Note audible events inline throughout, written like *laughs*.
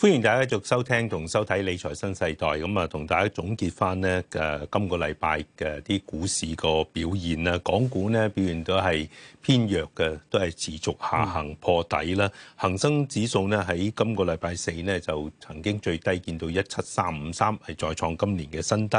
歡迎大家繼續收聽同收睇《理財新世代》咁啊，同大家總結翻呢個今個禮拜嘅啲股市個表現啦。港股呢表現都係偏弱嘅，都係持續下行破底啦。恒生指數呢，喺今個禮拜四呢就曾經最低見到一七三五三，係再創今年嘅新低。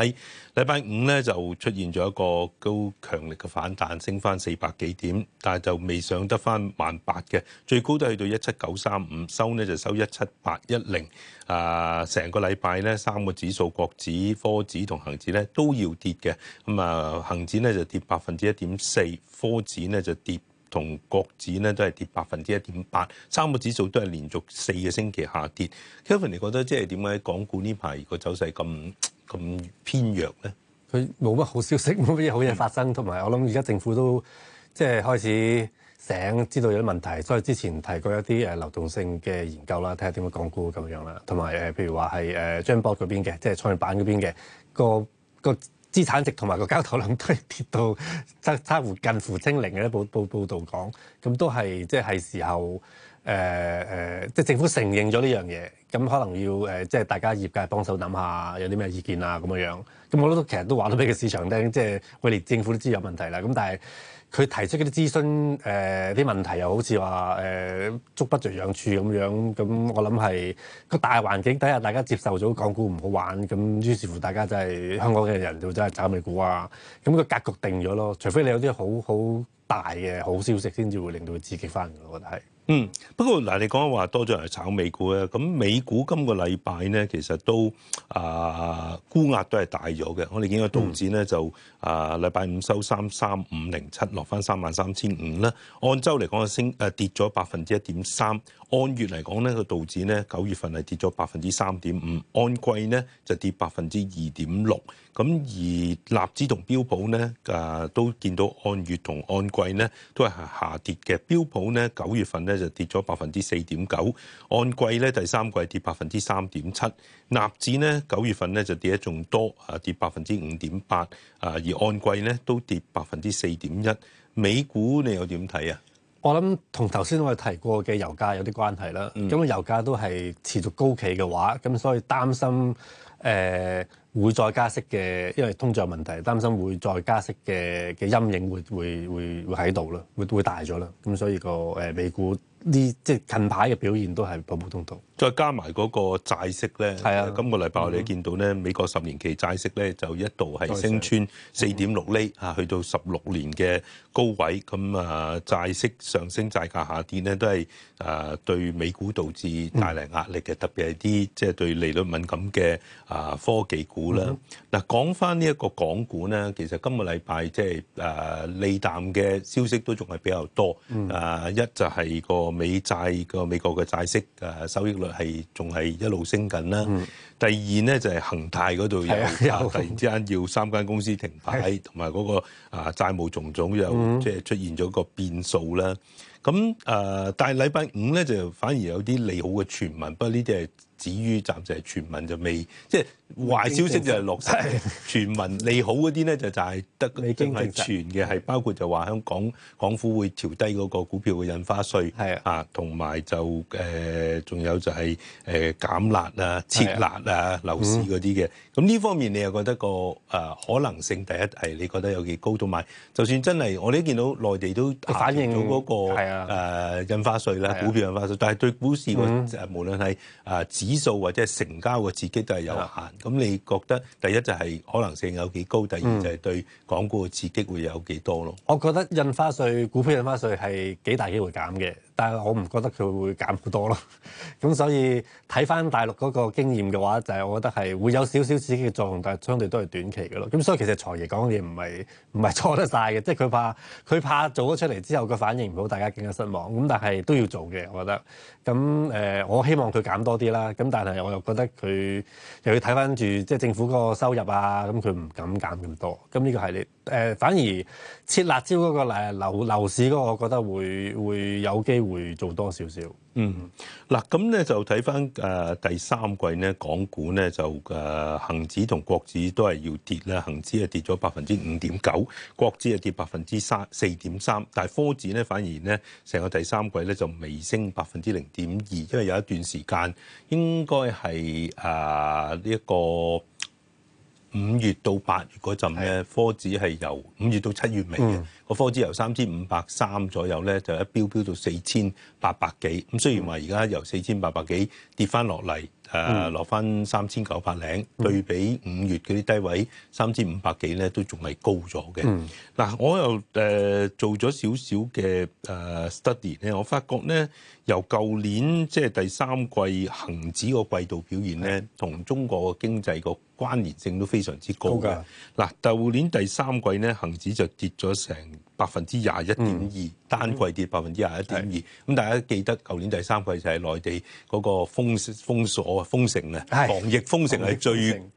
禮拜五呢就出現咗一個高強力嘅反彈，升翻四百幾點，但係就未上得翻萬八嘅，最高都係到一七九三五，收呢就收一七八一零、呃、啊！成個禮拜咧，三個指數，國指、科指同恒指咧都要跌嘅。咁啊，恒指咧就跌百分之一點四，科指咧就跌，同國指咧都係跌百分之一點八。三個指數都係連續四個星期下跌。Kevin，你覺得即係點解港股呢排個走勢咁咁偏弱咧？佢冇乜好消息，冇乜嘢好嘢發生，同、嗯、埋我諗而家政府都即係開始。醒知道有啲問題，所以之前提過一啲誒流動性嘅研究啦，睇下點樣降估咁樣啦。同埋誒，譬如話係誒 GEM board 嗰邊嘅，即係創業板嗰邊嘅個個資產值同埋個交投量都係跌到差差乎近乎清零嘅一報報報導講，咁都係即係時候誒誒，即、呃、係、呃就是、政府承認咗呢樣嘢，咁可能要誒即係大家業界幫手諗下有啲咩意見啊咁樣。咁我覺得其實都話到俾個市場聽，即係我哋政府都知有問題啦。咁但係。佢提出啲諮詢誒啲、呃、問題又好似話誒捉不着癢處咁樣，咁我諗係個大環境底下，大家接受咗港股唔好玩，咁於是乎大家真、就、係、是、香港嘅人就真係走美股啊，咁、那個格局定咗咯。除非你有啲好好大嘅好消息，先至會令到佢刺激返，我覺得係。嗯，不過嗱，你講話多咗人炒美股咧，咁美股今個禮拜呢，其實都啊、呃、沽壓都係大咗嘅。我哋見到道指呢，就啊，禮、呃、拜五收三三五零七，落翻三萬三千五啦。按周嚟講嘅升，誒、呃、跌咗百分之一點三。按月嚟講呢個道指呢，九月份係跌咗百分之三點五，按季呢就跌百分之二點六。咁而納指同標普呢，啊、呃、都見到按月同按季呢，都係下跌嘅。標普呢，九月份咧，咧就跌咗百分之四點九，按季咧第三季跌百分之三點七，納指咧九月份咧就跌得仲多，啊跌百分之五點八，啊而按季咧都跌百分之四點一，美股你又點睇啊？我諗同頭先我哋提過嘅油價有啲關係啦，咁、嗯、啊油價都係持續高企嘅話，咁所以擔心誒。呃會再加息嘅，因為通脹問題，擔心會再加息嘅嘅陰影會會會會喺度啦，會會會會大咗啦，咁所以個，呃，美股，啲即係近排嘅表現都係普普通通，再加埋嗰個債息咧，係啊，今個禮拜我哋見到咧，美國十年期債息咧就一度係升穿四點六厘，啊，去到十六年嘅高位，咁啊債息上升債價下跌咧都係誒對美股導致帶嚟壓力嘅，啊，特別係啲即係對利率敏感嘅啊科技股啦。嗱講返呢一個港股咧，其實今個禮拜即係誒利淡嘅消息都仲係比較多，誒、啊、一就係個。美債個美國嘅債息誒收益率係仲係一路升緊啦，嗯。第二咧就係、是、恒大嗰度 *laughs* 突然之間要三間公司停牌，同埋嗰個啊債務種種又即係出現咗個變數啦。咁、嗯、誒、呃，但係禮拜五咧就反而有啲利好嘅傳聞，不過呢啲係。至於暫時係傳聞就未，即係壞消息就係落曬傳聞，利好嗰啲咧就就係得真係傳嘅，係包括就話香港港府會調低嗰個股票嘅印花稅，係啊，同埋就誒仲有就係誒、呃就係呃、減辣,辣啊、撤辣啊、樓市嗰啲嘅。咁呢方面你又覺得個誒、啊、可能性第一係你覺得有幾高？同埋就算真係我哋都見到內地都了、嗰個、反映咗嗰個誒印花稅啦，股票印花稅，但係對股市個、嗯、無論係誒、啊指數或者成交嘅刺激都係有限，咁你覺得第一就係可能性有幾高，第二就係對港股嘅刺激會有幾多咯？嗯，我覺得印花稅、股票印花稅係幾大機會減嘅。但我唔覺得佢會減好多咯，咁所以睇翻大陸嗰個經驗嘅話，就係、是、我覺得係會有少少刺激嘅作用，但係相對都係短期嘅咯。咁所以其實財爺講嘅嘢唔係唔係錯得晒嘅，即係佢怕佢怕做咗出嚟之後個反應唔好，不大家更加失望。咁但係都要做嘅，我覺得。咁誒、呃，我希望佢減多啲啦。咁但係我又覺得佢又要睇翻住即係政府嗰個收入啊，咁佢唔敢減咁多。咁呢個系列。呃、反而切辣椒嗰個樓樓市嗰個，個我覺得會，會有機會做多少少。嗯，嗱咁咧就睇翻、呃、第三季咧，港股咧就誒恆、呃、指同國指都係要跌啦，恒指係跌咗百分之五點九，國指係跌百分之三四點三，但係科指咧反而咧成個第三季咧就微升百分之零點二，因為有一段時間應該係誒呢一個。五月到八月嗰陣咧，是科指係由五月到七月尾，個、嗯、科指由三千五百三左右咧，就一飆飆到四千八百幾。咁雖然話而家由四千八百幾跌翻落嚟。誒落翻三千九百零，對比五月嗰啲低位三千五百幾咧，都仲係高咗嘅。嗱、嗯，我又誒、呃、做咗少少嘅誒、呃、study 咧，我發覺咧由舊年即係、就是、第三季恒指個季度表現咧，同中國個經濟個關聯性都非常之高嘅。嗱、啊，舊年第三季咧，恒指就跌咗成百分之廿一點二，單季跌百分之廿一點二。咁大家記得舊年第三季就係內地嗰個封鎖鎖封城啊，防疫封城係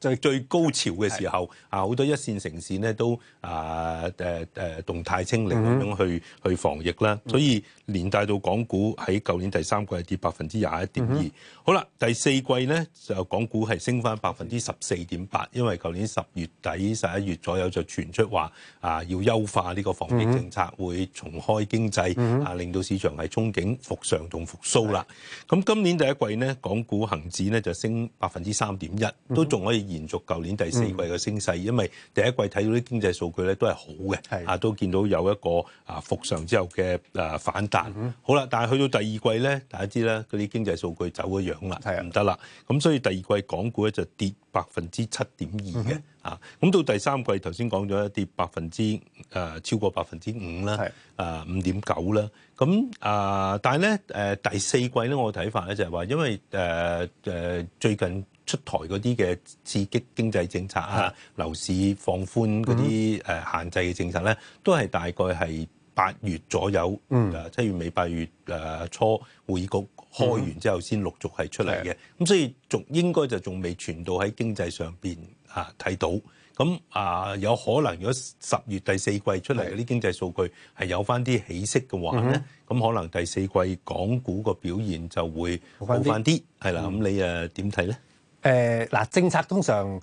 最最高潮嘅時候。啊，好多一線城市呢都啊誒動態清零咁樣去去防疫啦。所以連帶到港股喺舊年第三季係跌百分之廿一點二。好啦，第四季咧就港股係升翻百分之十四點八，因為舊年十月底十一月左右就傳出話啊要優化呢個防疫。政策會重開經濟，嚇、mm-hmm. 啊、令到市場係憧憬復常同復甦啦。咁今年第一季咧，港股恒指咧就升百分之三點一，都仲可以延續舊年第四季嘅升勢，因為第一季睇到啲經濟數據咧都係好嘅，嚇、啊、都見到有一個啊復常之後嘅啊反彈。Mm-hmm. 好啦，但係去到第二季呢，大家知啦，嗰啲經濟數據走咗樣啦，唔得啦。咁所以第二季港股咧就跌。百分之七點二嘅啊，咁、嗯、到第三季頭先講咗一啲，百分之誒、呃、超過百分之五啦，啊五點九啦，咁啊、呃、但係咧誒第四季咧我嘅睇法咧就係話，因為誒誒、呃呃、最近出台嗰啲嘅刺激經濟政策啊，樓市放寬嗰啲誒限制嘅政策咧，都係大概係。八月左右，誒七月尾、八月誒初，會議局開完之後先陸續係出嚟嘅，咁、嗯、所以仲應該就仲未傳到喺經濟上邊啊睇到，咁啊有可能如果十月第四季出嚟嗰啲經濟數據係有返啲起色嘅話咧，咁、嗯、可能第四季港股個表現就會好返啲，係啦，咁你誒點睇咧？誒嗱、呃，政策通常。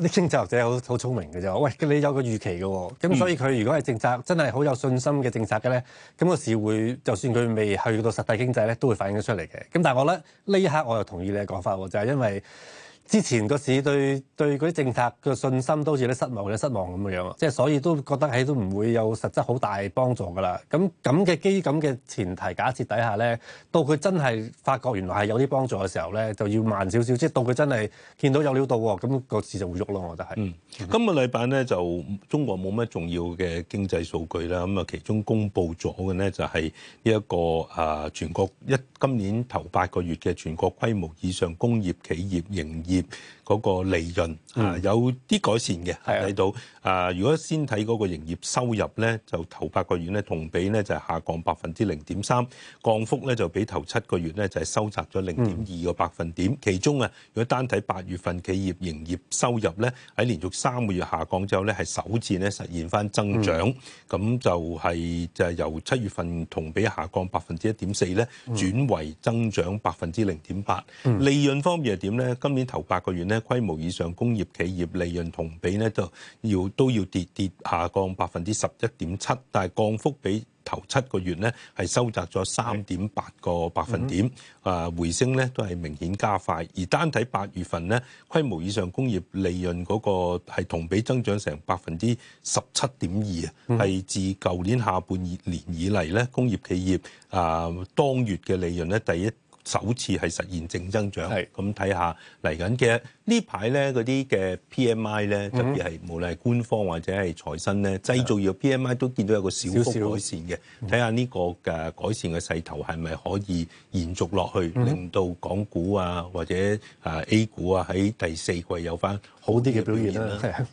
啲經濟學者好好聰明嘅啫，喂，你有個預期嘅，咁所以佢如果係政策真係好有信心嘅政策嘅咧，咁、那個市會就算佢未去到實體經濟咧，都會反映咗出嚟嘅。咁但係我覺得呢一刻我又同意你嘅講法，就係、是、因為。之前個市對對嗰啲政策嘅信心都好似啲失，失望、啲失望咁嘅樣，即係所以都覺得喺都唔會有實質好大幫助㗎啦。咁咁嘅基、咁嘅前提假設底下咧，到佢真係發覺原來係有啲幫助嘅時候咧，就要慢少少。即係到佢真係見到有料到喎，咁個市就會喐咯。我覺得係。今日禮拜咧就中國冇乜重要嘅經濟數據啦。咁啊，其中公布咗嘅咧就係呢一個啊全國一今年頭八個月嘅全國規模以上工業企業營業嗰、那個利潤啊、嗯，有啲改善嘅睇、嗯、到。啊、呃，如果先睇嗰個營業收入咧，就頭八個月咧同比咧就是、下降百分之零點三，降幅咧就比頭七個月咧就係、是、收窄咗零點二個百分點、嗯，其中啊，如果單睇八月份企業營業收入咧，喺連續三個月下降之後咧，係首次咧實現翻增長，咁、嗯、就係就係由七月份同比下降百分之一點四咧，轉為增長百分之零點八。利潤方面係點咧？今年頭。八個月咧，規模以上工業企業利潤同比咧都要都要跌跌下降百分之十一點七，但係降幅比頭七個月咧係收窄咗三點八個百分點，啊回升咧都係明顯加快。而單睇八月份咧，規模以上工業利潤嗰個係同比增長成百分之十七點二啊，係自舊年下半年以嚟咧，工業企業啊、呃、當月嘅利潤咧第一，首次係實現正增長，咁睇下嚟緊嘅呢排咧，嗰啲嘅 P M I 咧，特別係無論係官方或者係財新咧，嗯，製造業 P M I 都見到有個小幅改善嘅，睇下呢個嘅改善嘅勢頭係咪可以延續落去，嗯，令到港股啊或者啊 A 股啊喺第四季有翻好啲嘅表、表現啦，啊。